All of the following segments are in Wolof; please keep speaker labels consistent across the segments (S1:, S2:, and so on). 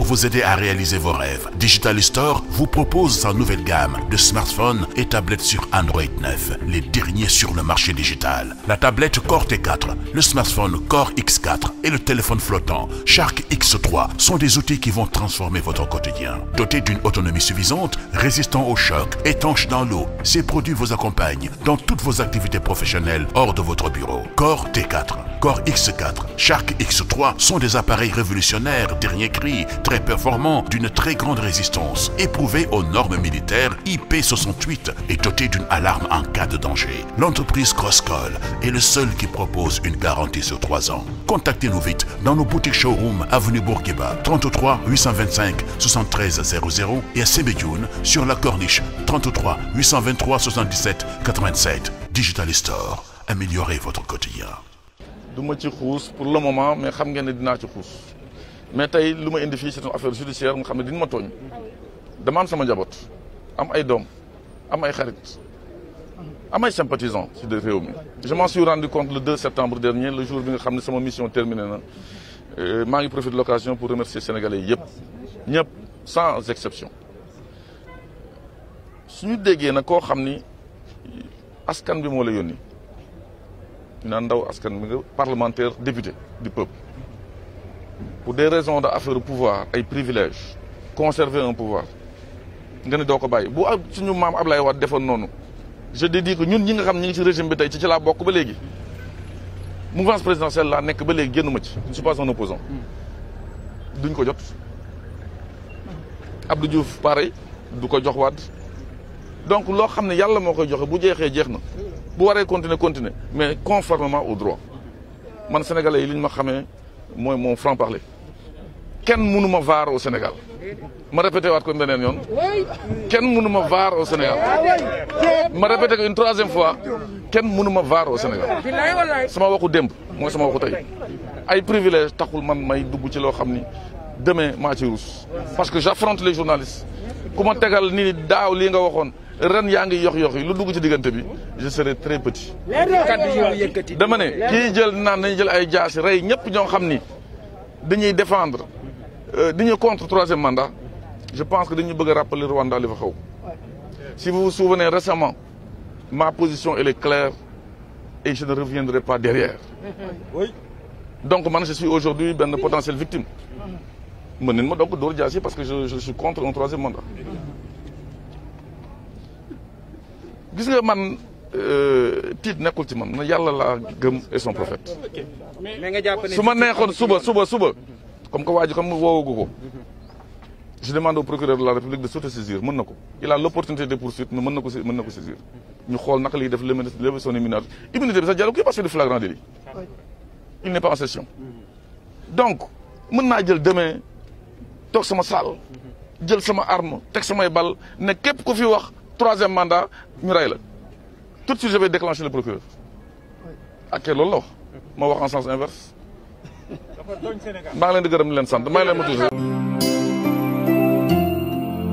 S1: pour vous aider à réaliser vos rêves. Digital Store vous propose sa nouvelle gamme de smartphones et tablettes sur Android 9, les derniers sur le marché digital. La tablette Core T4, le smartphone Core X4 et le téléphone flottant Shark X3 sont des outils qui vont transformer votre quotidien. Dotés d'une autonomie suffisante, résistant au choc, étanche dans l'eau, ces produits vous accompagnent dans toutes vos activités professionnelles hors de votre bureau. Core X4, Shark X3 sont des appareils révolutionnaires, dernier cri, très performants, d'une très grande résistance, éprouvés aux normes militaires ip et dotés d'une alarme en cas de danger. L'entreprise Crosscall est le seul qui propose une garantie sur 3 ans. Contactez-nous vite dans nos boutiques showroom avenue Bourguiba et à sur la Corniche 33 améliorez votre quotidien.
S2: du ma ci xuus pour le moment mais xam ngeen ne dinaa ci xuus mais tey lu ma indi fii c'est une affaire judiciaire nga xam ne dina ma tooñ ah dama am sama njaboot am ay doom am ay xarit am ay sympathisants ci de réew mi je m'en suis rendu compte le 2 septembre dernier le jour bi nga xam ne sama mission terminée na euh, maa ngi profite de l'occasion pour remercier sénégalais yëpp ñëpp sans exception suñu déggee nag koo xam ni askan bi moo la yónni ñu naan ndaw askan mi nga parlementaire député du peuple pour des raisons de affaire pouvoir ay privilèges conserver un pouvoir nga ne doo ko bàyyi boo ak suñu maam Ablaye waat defoon noonu je dis que ñun ñi nga xam ñi ngi ci régime bi tey ci ci laa bokk ba léegi mouvance présidentielle laa nekk ba léegi génn ma ci je suis pas un opposant duñ ko jot Abdou Diouf pareil du ko jox Wade donc loo xam ne yàlla moo koy joxe bu jeexee jeex na bu waree continuer continuer mais conformément au droit man sénégalais yi li ñu ma xamee mooy moom franc parler kenn mënu ma vaar au Sénégal ma répété waat ko beneen yoon kenn mënu ma vaar au Sénégal ma répété ko une troisième fois kenn mënu ma vaar au Sénégal sama waxu démb mooy sama waxu tey ay privilège taxul man may dugg ci loo xam ni demain maa ci ruus parce que j'affronte les journalistes ku ma tegal waxoon ren yaa ngi yox yox yi lu dugg ci diggante bi je serai très petit. dama ne kii jël naan nañu jël ay jaasi rey ñëpp ñoo xam ni dañuy défendre euh, dañuy contre troisième mandat je pense que dañu bëgg a rappeler Rwanda li fa xaw. si vous vous souvenez récemment ma position elle est claire et je ne reviendrai pas derrière. donc man je suis aujourd'hui benn potentielle victime. mën nañu ma donc dóor jaasi parce que je suis contre un mandat. gis nga man euh, tiit nekkul ci man na yàlla laa gëm et son prophète. nga jàpp su ma neexoon suba suba suba comme que waa ji xam nga woowagu ko. je demande au procureur de la République de s'autosaisir mën na ko il a l'opportunité de poursuite mais mën na ko mën na ko saisir ñu xool naka liy def lever son immunité immunité bi sax jàll kii parce que du flagrant délit il n'est pas en session donc mën naa jël demain toog sama salle jël sama arme teg samay bal ne képp ku fi wax troisième mandat ñu rey la tout de suite je vais déclencher le procureur ak loolu la moo wax en sens inverse maa ngi leen di gërëm di leen sant may leen ma toujours.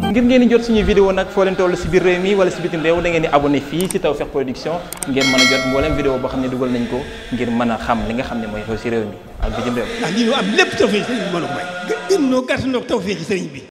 S2: ngir ngeen di jot suñu vidéo nag foo leen toll si biir réew mi wala si bitim réew da ngeen di abonné fii si Tawfekh Production ngeen mën a jot mboolem vidéo boo xam ne dugal nañ ko ngir mën a xam li nga xam ne mooy xew si réew mi ak bitim réew. ndax lii am lépp Tawfekh sëriñ bi sëriñ bi.